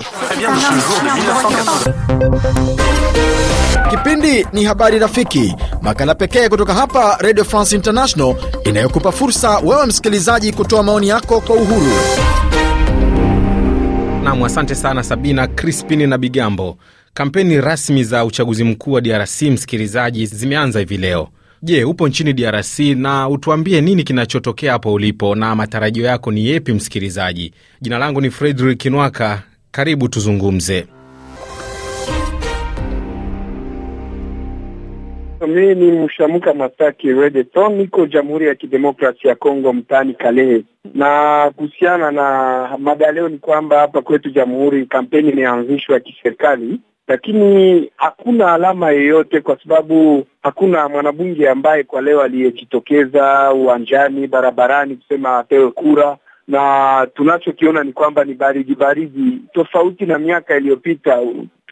Très bien, ah Kipindi ni Habari Rafiki, makala pekee kutoka hapa Radio France International inayokupa fursa wewe msikilizaji kutoa maoni yako kwa uhuru. Nam, asante sana Sabina Crispin na Bigambo. Kampeni rasmi za uchaguzi mkuu wa DRC, msikilizaji, zimeanza hivi leo. Je, upo nchini DRC na utuambie nini kinachotokea hapo ulipo na matarajio yako ni yepi, msikilizaji? Jina langu ni Fredrik Nwaka karibu tuzungumze. Mi ni Mshamuka Masaki Redeton, niko Jamhuri ya Kidemokrasi ya Kongo, mtaani Kalehe. Na kuhusiana na mada leo ni kwamba hapa kwetu Jamhuri kampeni imeanzishwa ya kiserikali, lakini hakuna alama yoyote, kwa sababu hakuna mwanabunge ambaye kwa leo aliyejitokeza uwanjani, barabarani kusema apewe kura na tunachokiona ni kwamba ni baridi baridi, tofauti na miaka iliyopita.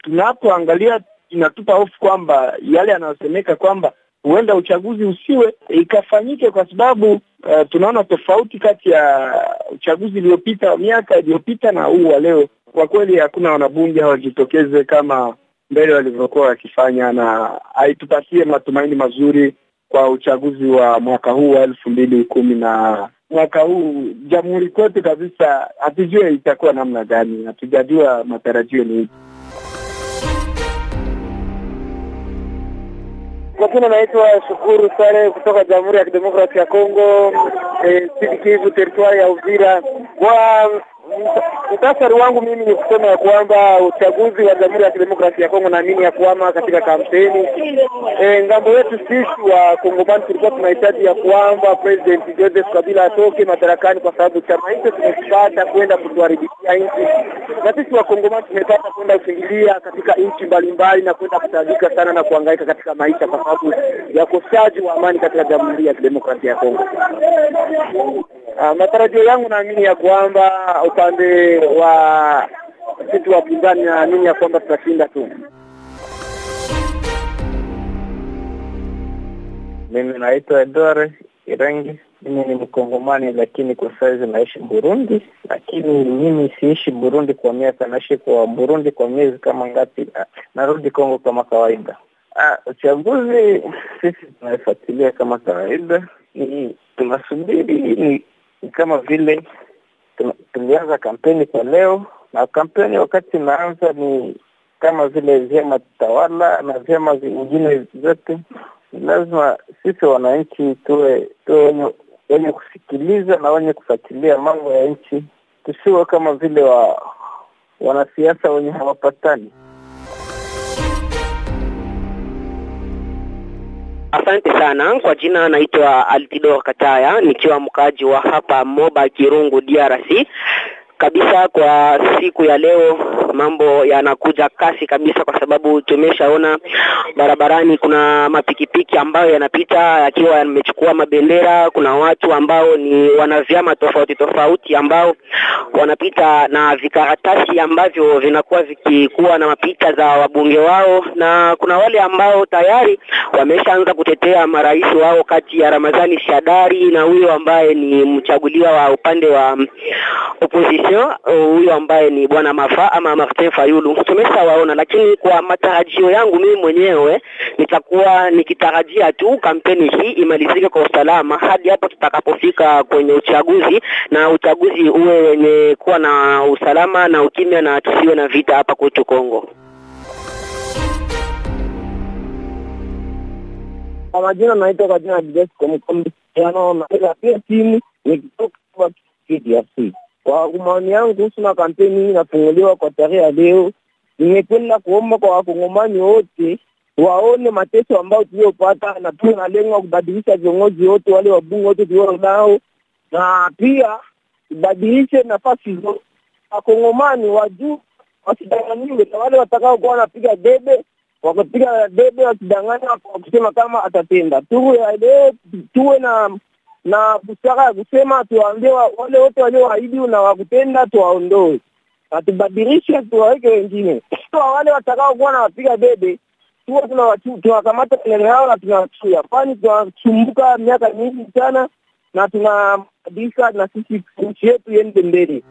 Tunapoangalia inatupa hofu kwamba yale yanayosemeka kwamba huenda uchaguzi usiwe ikafanyike, kwa sababu uh, tunaona tofauti kati ya uchaguzi iliyopita miaka iliyopita na huu wa leo. Kwa kweli hakuna wanabunge hawajitokeze kama mbele walivyokuwa wakifanya, na haitupatie matumaini mazuri kwa uchaguzi wa mwaka huu wa elfu mbili kumi na mwaka huu jamhuri kwetu kabisa, hatujue itakuwa namna gani, hatujajua matarajio ni ipi. Kwa jina naitwa Shukuru Sare kutoka Jamhuri ya Kidemokrasia ya Kongo, Sud eh, Kivu, teritwari ya Uvira. Mtasari wangu mimi ni kusema ya kwamba uchaguzi wa Jamhuri ya Kidemokrasia ya Kongo, naamini ya kwamba katika kampeni e, ngambo yetu sisi wa Kongomani tulikuwa tunahitaji ya kwamba President Joseph Kabila atoke madarakani, kwa sababu chama hicho tumepata kwenda kutuharibikia nchi, na sisi wa Kongomani tumepata kwenda kuingilia katika nchi mbalimbali na kwenda kutajika sana na kuhangaika katika maisha, kwa sababu ya kosaji wa amani katika Jamhuri ya Kidemokrasia ya Kongo. Uh, matarajio yangu naamini ya kwamba upande wa sisi wapinzani, naamini ya kwamba tutashinda tu. Mimi naitwa Edore Irangi. Mimi ni Mkongomani, lakini kwa saizi naishi Burundi, lakini mimi siishi Burundi kwa miaka, naishi kwa Burundi kwa miezi kama ngapi, ah, narudi Kongo kama kawaida. Ah, uchaguzi sisi tunaifuatilia kama kawaida, ni tunasubiri ni kama vile tulianza kampeni kwa leo, na kampeni wakati inaanza ni kama vile vyama tawala na vyama vingine vyote, ni lazima sisi wananchi tuwe tuwe wenye kusikiliza na wenye kufuatilia mambo ya nchi, tusiwe kama vile wa wanasiasa wenye hawapatani. Asante sana kwa jina, anaitwa Altidor Kataya, nikiwa mkaaji wa hapa Moba Kirungu, DRC kabisa kwa siku ya leo mambo yanakuja kasi kabisa, kwa sababu tumeshaona barabarani kuna mapikipiki ambayo yanapita yakiwa yamechukua mabendera. Kuna watu ambao ni wana vyama tofauti tofauti ambao wanapita na vikaratasi ambavyo vinakuwa vikikuwa na mapicha za wabunge wao, na kuna wale ambao tayari wameshaanza kutetea marais wao, kati ya Ramadhani Shadari na huyo ambaye ni mchaguliwa wa upande wa opposition eh, huyo uh, ambaye ni bwana mafa ama Martin Fayulu tumeshawaona, lakini kwa matarajio yangu mimi mwenyewe nitakuwa nikitarajia tu kampeni hii imalizike kwa usalama hadi hapo tutakapofika kwenye uchaguzi, na uchaguzi uwe wenye kuwa na usalama na ukimya, na tusiwe na vita hapa kwetu Kongo. Kwa majina naitwa kwa jina la Didas kwa mkono ila pia timu nikitoka kwa KDRC. Kwa maoni yangu kuhusu na kampeni hii inafunguliwa kwa tarehe ya leo, nimependa kuomba kwa wakongomani wote waone mateso ambayo tuliyopata, na pia na lengo ya kubadilisha viongozi wote wale wabunge wote tulio nao, na pia tubadilishe nafasi zote. Wakongomani wajuu wasidanganiwe na wale watakaokuwa wanapiga debe wakapiga debe, wasidanganywa wakusema kama atatenda. Tuwe leo tuwe na na kusaka ya kusema tuwaambie wale wote walioahidi na wakutenda tuwaondoe, natubadilishe, tuwaweke wengine wale watakaokuwa na wapiga debe tuwa tunawakamata maneno yao na tunawachuya, kwani tunasumbuka miaka mingi sana na tunabadilika, na sisi nchi yetu iende mbele.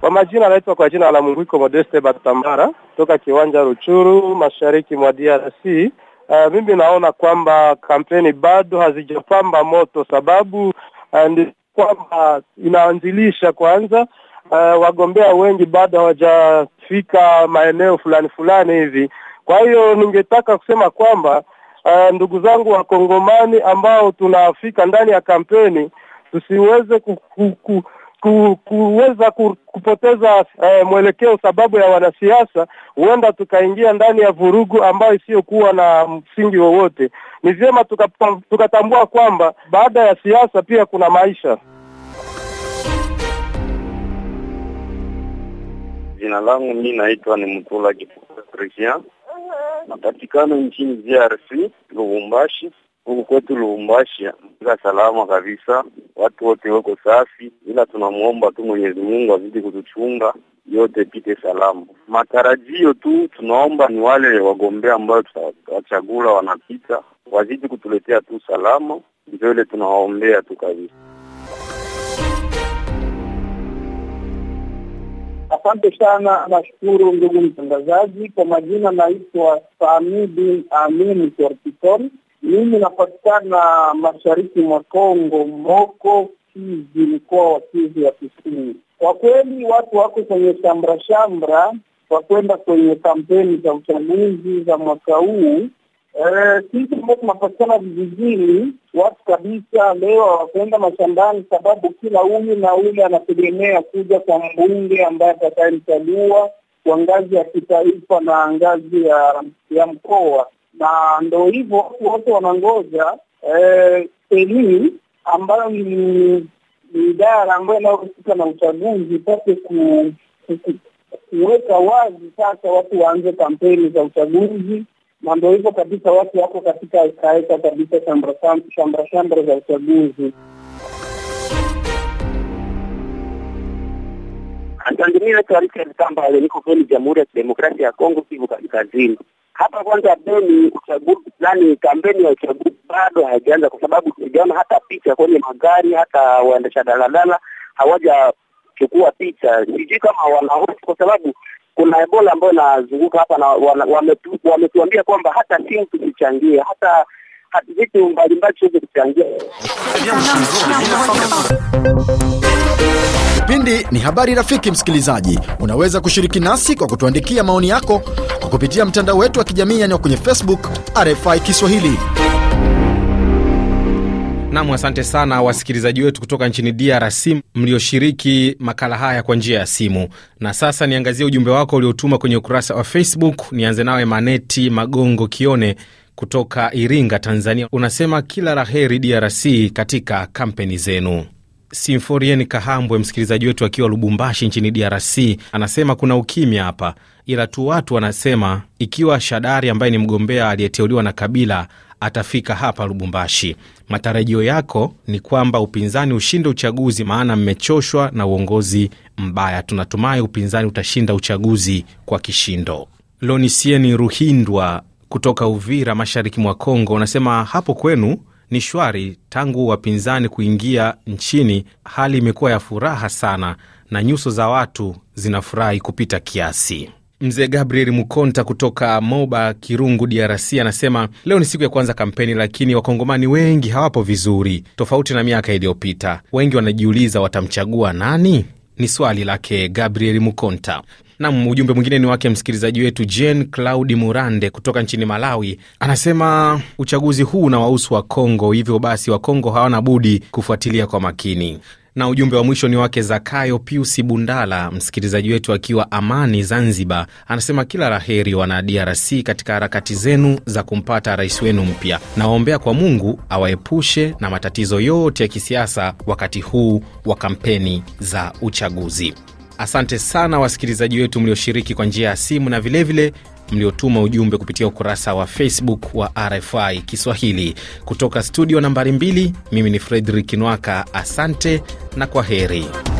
Kwa majina anaitwa kwa jina la Munguiko Modeste Batambara toka kiwanja Ruchuru, mashariki mwa DRC. Uh, mimi naona kwamba kampeni bado hazijapamba moto, sababu eh, ni kwamba inaanzilisha kwanza. Uh, wagombea wengi bado hawajafika maeneo fulani fulani hivi. Kwa hiyo ningetaka kusema kwamba uh, ndugu zangu wakongomani ambao tunafika ndani ya kampeni tusiweze kuku, kuku, ku, kuweza ku, kupoteza eh, mwelekeo sababu ya wanasiasa, huenda tukaingia ndani ya vurugu ambayo isiyokuwa na msingi wowote. Ni vyema tukatambua tuka kwamba baada ya siasa pia kuna maisha. Jina langu mi naitwa ni Mtula Kipuka napatikana nchini DRC Lubumbashi. Huku kwetu Lubumbashi salama kabisa watu wote wako safi, ila tunamwomba tu Mwenyezi Mungu azidi kutuchunga yote pite salama. Matarajio tu tunaomba ni wale wagombea ambayo tutawachagula wanapita wazidi kutuletea tu salama, ndio ile tunawaombea tu kabisa. Asante sana, nashukuru ndugu mtangazaji. Kwa majina naitwa Fahmi bin Amin Kortikori. Mimi napatikana mashariki mwa Kongo, Moko Kizi, mkoa wa Kivu ya Kusini. Kwa kweli watu wako kwenye shamra shamra kwa kwenda kwenye kampeni za uchaguzi za mwaka huu. Eh, sisi ambao tunapatikana vijijini, watu kabisa leo hawakwenda mashambani, sababu kila huyu na ule anategemea kuja kwa mbunge ambaye atakayemchagua kwa ngazi ya kitaifa na ngazi ya ya mkoa na ndo hivyo watu wanangoja seli eh, ambayo ni idara ambayo inayohusika na uchaguzi ipate kuweka wazi sasa, watu waanze kampeni za uchaguzi, na ndo hivyo kabisa, watu wako katika kaeka kabisa shambra shambra za uchaguzi. Asante. Mimi naitwa Richard Kambale, niko kwenye Jamhuri ya Kidemokrasia ya Kongo, Kivu Kaskazini. Hapa kwanza Beni uchaguzi nani, kampeni ya uchaguzi bado haijaanza, kwa sababu sijaona hata picha kwenye magari, hata waendesha daladala hawajachukua picha. Sijui kama wanahofu, kwa sababu kuna Ebola ambayo inazunguka hapa na wametuambia wame, wame kwamba hata simu tusichangie, hata vitu mbalimbali tuweze kuchangia eh, Kipindi ni Habari Rafiki. Msikilizaji, unaweza kushiriki nasi kwa kutuandikia maoni yako kwa kupitia mtandao wetu wa kijamii yani kwenye Facebook RFI Kiswahili. Nam, asante sana wasikilizaji wetu kutoka nchini DRC mlioshiriki makala haya kwa njia ya simu. Na sasa niangazie ujumbe wako uliotuma kwenye ukurasa wa Facebook. Nianze nawe Maneti Magongo Kione kutoka Iringa, Tanzania. Unasema kila la heri DRC katika kampeni zenu. Simforien Kahambwe, msikilizaji wetu akiwa Lubumbashi nchini DRC, anasema kuna ukimya hapa, ila tu watu wanasema ikiwa Shadari ambaye ni mgombea aliyeteuliwa na Kabila atafika hapa Lubumbashi, matarajio yako ni kwamba upinzani ushinde uchaguzi, maana mmechoshwa na uongozi mbaya. Tunatumai upinzani utashinda uchaguzi kwa kishindo. Lonisieni Ruhindwa kutoka Uvira, mashariki mwa Kongo, unasema hapo kwenu ni shwari. Tangu wapinzani kuingia nchini, hali imekuwa ya furaha sana na nyuso za watu zinafurahi kupita kiasi. Mzee Gabriel Mukonta kutoka Moba Kirungu, DRC, anasema leo ni siku ya kwanza kampeni, lakini wakongomani wengi hawapo vizuri, tofauti na miaka iliyopita. Wengi wanajiuliza watamchagua nani? Ni swali lake Gabriel Mukonta. Nam, ujumbe mwingine ni wake msikilizaji wetu jen Claudi Murande kutoka nchini Malawi. Anasema uchaguzi huu unawahusu Wakongo, hivyo basi Wakongo hawana budi kufuatilia kwa makini na ujumbe wa mwisho ni wake Zakayo Piusi Bundala, msikilizaji wetu akiwa Amani, Zanzibar. Anasema kila laheri wana DRC katika harakati zenu za kumpata rais wenu mpya. Nawaombea kwa Mungu awaepushe na matatizo yote ya kisiasa wakati huu wa kampeni za uchaguzi. Asante sana wasikilizaji wetu mlioshiriki kwa njia ya simu na vilevile mliotuma ujumbe kupitia ukurasa wa Facebook wa RFI Kiswahili. Kutoka studio nambari mbili, mimi ni Fredrik Nwaka. Asante na kwa heri.